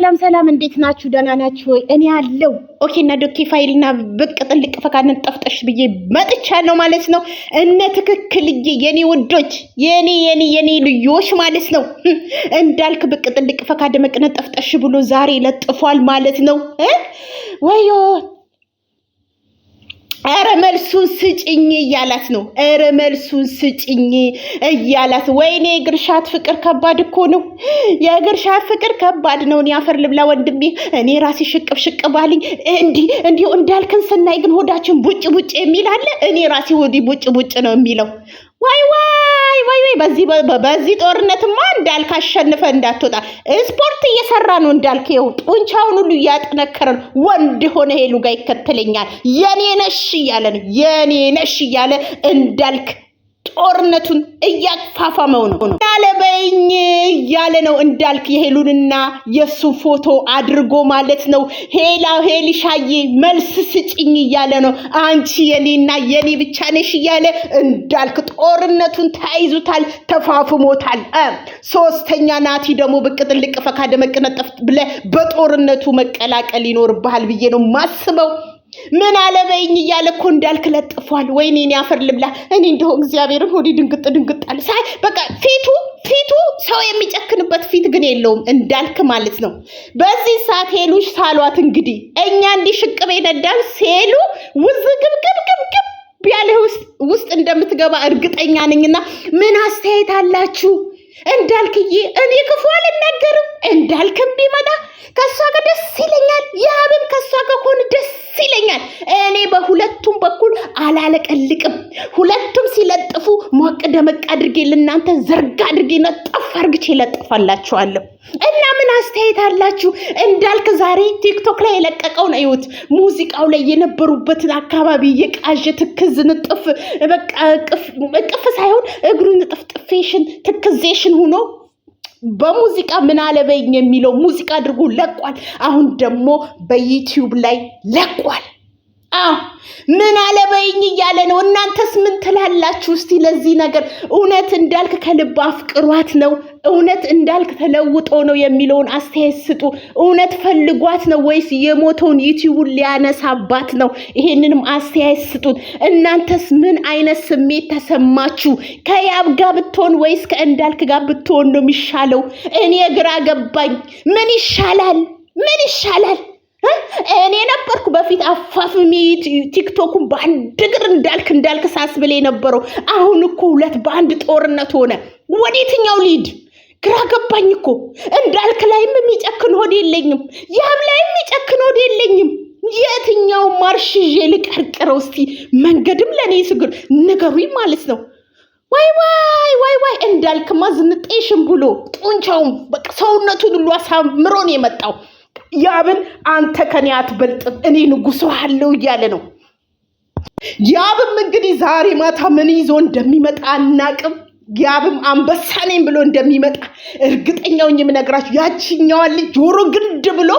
ሰላም ሰላም፣ እንዴት ናችሁ? ደህና ናችሁ ወይ? እኔ አለው ኦኬ። እና ዶኬ ፋይልና ብቅ ጥልቅ ፈካንን ጠፍጠሽ ብዬ መጥቻለሁ ማለት ነው። እነ ትክክልዬ የኔ ውዶች፣ የኔ የኔ የኔ ልዮች ማለት ነው። እንዳልክ ብቅ ጥልቅ ፈካ ደመቅነ ጠፍጠሽ ብሎ ዛሬ ለጥፏል ማለት ነው። ወዮ ኧረ መልሱን ስጭኝ እያላት ነው። ኧረ መልሱን ስጭኝ እያላት ወይኔ የግርሻት ፍቅር ከባድ እኮ ነው። የግርሻት ፍቅር ከባድ ነው። እኔ አፈር ልብላ ወንድሜ፣ እኔ ራሴ ሽቅብ ሽቅብ አለኝ። እንዲ እንዲሁ እንዳልክን ስናይ ግን ሆዳችን ቡጭ ቡጭ የሚል አለ። እኔ ራሴ ሆዴ ቡጭ ቡጭ ነው የሚለው ዋይ ዋይ ወይ ወይ ወይ በዚህ በዚህ ጦርነትማ እንዳልክ አሸንፈ እንዳትወጣ። ስፖርት እየሰራ ነው እንዳልክ፣ ይኸው ጡንቻውን ሁሉ እያጠነከረ ነው። ወንድ ሆነ ሄሉ ጋር ይከተለኛል የኔ ነሽ እያለ ነው የኔ ነሽ እያለ እንዳልክ ጦርነቱን እያፋፋመው ነው ያለ በይኝ እያለ ነው እንዳልክ የሄሉንና የእሱን ፎቶ አድርጎ ማለት ነው። ሄላ ሄልሻዬ መልስ ስጭኝ እያለ ነው። አንቺ የኔና የኔ ብቻ ነሽ እያለ እንዳልክ ጦርነቱን ተያይዙታል፣ ተፋፍሞታል። ሶስተኛ ናቲ ደግሞ ብቅ ጥልቅ ፈካ ደመቅ ነጠፍ ብለህ በጦርነቱ መቀላቀል ይኖርብሃል ብዬ ነው ማስበው። ምን አለበይኝ እያለ እኮ እንዳልክ ለጥፏል። ወይኔ እኔ አፈር ልብላ እኔ እንደው እግዚአብሔርን ሆዴ ድንግጥ ድንግጥ አለ። ሳይ በቃ ፊቱ ፊቱ ሰው የሚጨክንበት ፊት ግን የለውም እንዳልክ ማለት ነው። በዚህ ሰዓት ሄሉሽ ሳሏት እንግዲህ እኛ እንዲህ ሽቅብ የነዳን ሴሉ ውዝግብግብግብግብ ያለ ውስጥ እንደምትገባ እርግጠኛ ነኝና ምን አስተያየት አላችሁ? እንዳልክዬ እኔ ክፉ አልናገርም እንዳልክም ቢመጣ ከእሷ ጋር ደስ ይለኛል፣ ያብም ከእሷ ጋር ከሆነ ደስ ይለኛል። እኔ በሁለቱም በኩል አላለቀልቅም። ሁለቱም ሲለጥፉ ሞቅ ደመቅ አድርጌ ልናንተ ዘርጋ አድርጌ ነጠፍ አርግቼ ለጥፋላችኋለሁ። እና ምን አስተያየት አላችሁ? እንዳልክ ዛሬ ቲክቶክ ላይ የለቀቀውን እዩት። ሙዚቃው ላይ የነበሩበትን አካባቢ የቃዥ ትክዝ ንጥፍ በቃ እቅፍ ሳይሆን ንጥፍ ጥፌሽን ትክዜሽን ሁኖ በሙዚቃ ምን አለበኝ የሚለው ሙዚቃ አድርጎ ለቋል። አሁን ደግሞ በዩቲዩብ ላይ ለቋል። አዎ ምን አለበይኝ እያለ ነው። እናንተስ ምን ትላላችሁ? እስቲ ለዚህ ነገር እውነት እንዳልክ ከልብ አፍቅሯት ነው እውነት እንዳልክ ተለውጦ ነው የሚለውን አስተያየት ስጡ። እውነት ፈልጓት ነው ወይስ የሞተውን ዩቲዩቡን ሊያነሳባት ነው? ይሄንንም አስተያየት ስጡት። እናንተስ ምን አይነት ስሜት ተሰማችሁ? ከያብ ጋር ብትሆን ወይስ ከእንዳልክ ጋር ብትሆን ነው የሚሻለው? እኔ ግራ ገባኝ። ምን ይሻላል? ምን ይሻላል? በፊት አፋፍሜ ቲክቶኩን በአንድ እግር እንዳልክ እንዳልክ ሳስብል የነበረው አሁን እኮ ሁለት በአንድ ጦርነት ሆነ። ወዴትኛው ሊድ ግራ ገባኝ እኮ። እንዳልክ ላይም የሚጨክን ሆድ የለኝም፣ ያም ላይም የሚጨክን ሆድ የለኝም። የትኛው ማርሽዤ ልቀርቅረው? እስቲ መንገድም ለእኔ ስግር ንገሩኝ ማለት ነው። ዋይ ዋይ ዋይ ዋይ እንዳልክማ ዝንጤሽን ብሎ ጡንቻውን በቃ ሰውነቱን ሁሉ አሳምሮን የመጣው ያብን አንተ ከኔ አትበልጥም እኔ ንጉሱ አለው እያለ ነው። ያብም እንግዲህ ዛሬ ማታ ምን ይዞ እንደሚመጣ አናቅም። ያብም አንበሳ ነኝ ብሎ እንደሚመጣ እርግጠኛው የምነግራችሁ ያችኛዋን ልጅ ጆሮ ግንድ ብሎ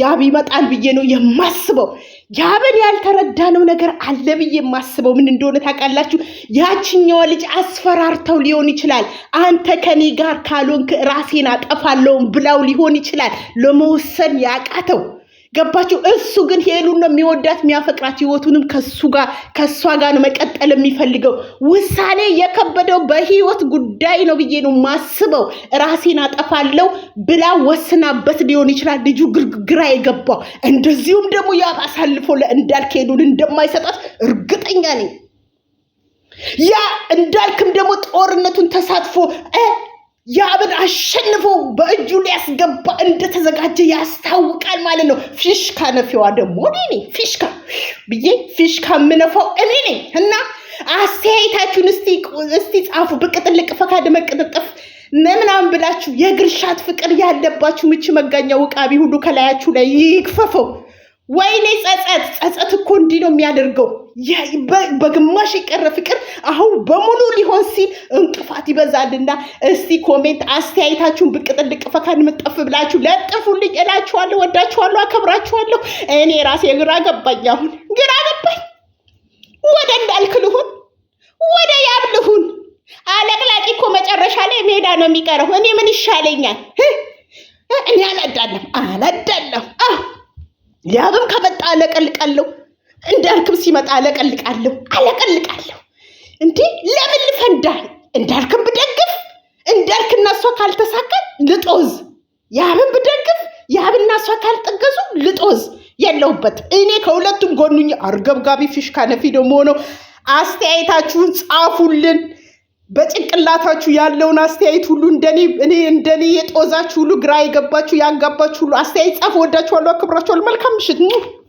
ያብ ይመጣል ብዬ ነው የማስበው። ያበል ያልተረዳነው ነገር አለ ብዬ የማስበው ምን እንደሆነ ታውቃላችሁ? ያችኛዋ ልጅ አስፈራርተው ሊሆን ይችላል። አንተ ከኔ ጋር ካልሆንክ ራሴን አጠፋለሁም ብላው ሊሆን ይችላል ለመወሰን ያቃተው ገባችሁ? እሱ ግን ሄሉን ነው የሚወዳት የሚያፈቅራት፣ ህይወቱንም ከሱ ጋር ከእሷ ጋር ነው መቀጠል የሚፈልገው። ውሳኔ የከበደው በህይወት ጉዳይ ነው ብዬ ነው ማስበው። ራሴን አጠፋለው ብላ ወስናበት ሊሆን ይችላል። ልጁ ግራ የገባው እንደዚሁም ደግሞ ያ አሳልፎ ለእንዳልክ ሄሉን እንደማይሰጣት እርግጠኛ ነኝ። ያ እንዳልክም ደግሞ ጦርነቱን ተሳትፎ ያብን አሸንፎ በእጁ ሊያስገባ እንደተዘጋጀ ያስታውቃል ማለት ነው። ፊሽካ ነፊዋ ደግሞ እኔ ነኝ። ፊሽካ ብዬ ፊሽካ የምነፋው እኔ ነኝ እና አስተያየታችሁን እስቲ እስቲ ጻፉ። ብቅ ጥልቅ ፈካ ድመቅ ምናምን ብላችሁ የግርሻት ፍቅር ያለባችሁ ምች መጋኛ ውቃቢ ሁሉ ከላያችሁ ላይ ይክፈፈው። ወይኔ ጸጸት ጸጸት እኮ እንዲህ ነው የሚያደርገው። በግማሽ የቀረ ፍቅር አሁን በሙሉ ሊሆን ሲል እንቅፋት ይበዛልና፣ እስቲ ኮሜንት አስተያየታችሁን ብቅ ጥልቅ ፈካን ምጠፍ ብላችሁ ለጥፉልኝ እላችኋለሁ። ወዳችኋለሁ፣ አከብራችኋለሁ። እኔ ራሴ ግራ ገባኝ። አሁን ግራ ገባኝ። ወደ እንዳልክ ልሁን፣ ወደ ያብ ልሁን። አለቅላቂ እኮ መጨረሻ ላይ ሜዳ ነው የሚቀረው። እኔ ምን ይሻለኛል? እኔ አላዳለም አላዳለሁ። ያብም ከመጣ አለቀልቀለው እንደ ሲመጣ አለቀልቃለሁ አለቀልቃለሁ። እንዴ ለምን ልፈንዳ? እንደ ብደግፍ እንደ እርክና እሷ ካልተሳካ ልጦዝ። ያብን ብደግፍ ያብና እሷ ካልጠገዙ ልጦዝ። የለውበት እኔ ከሁለቱም ጎኑኝ አርገብጋቢ ፊሽካ ነፊ ደግሞ ሆነው አስተያየታችሁን ጻፉልን። በጭንቅላታችሁ ያለውን አስተያየት ሁሉ እንደኔ እኔ እንደኔ የጦዛችሁ ሁሉ ግራ የገባችሁ ያጋባችሁ ሁሉ አስተያየት ጻፉ። ወዳችኋለሁ፣ አክብራችኋለሁ። መልካም ምሽት።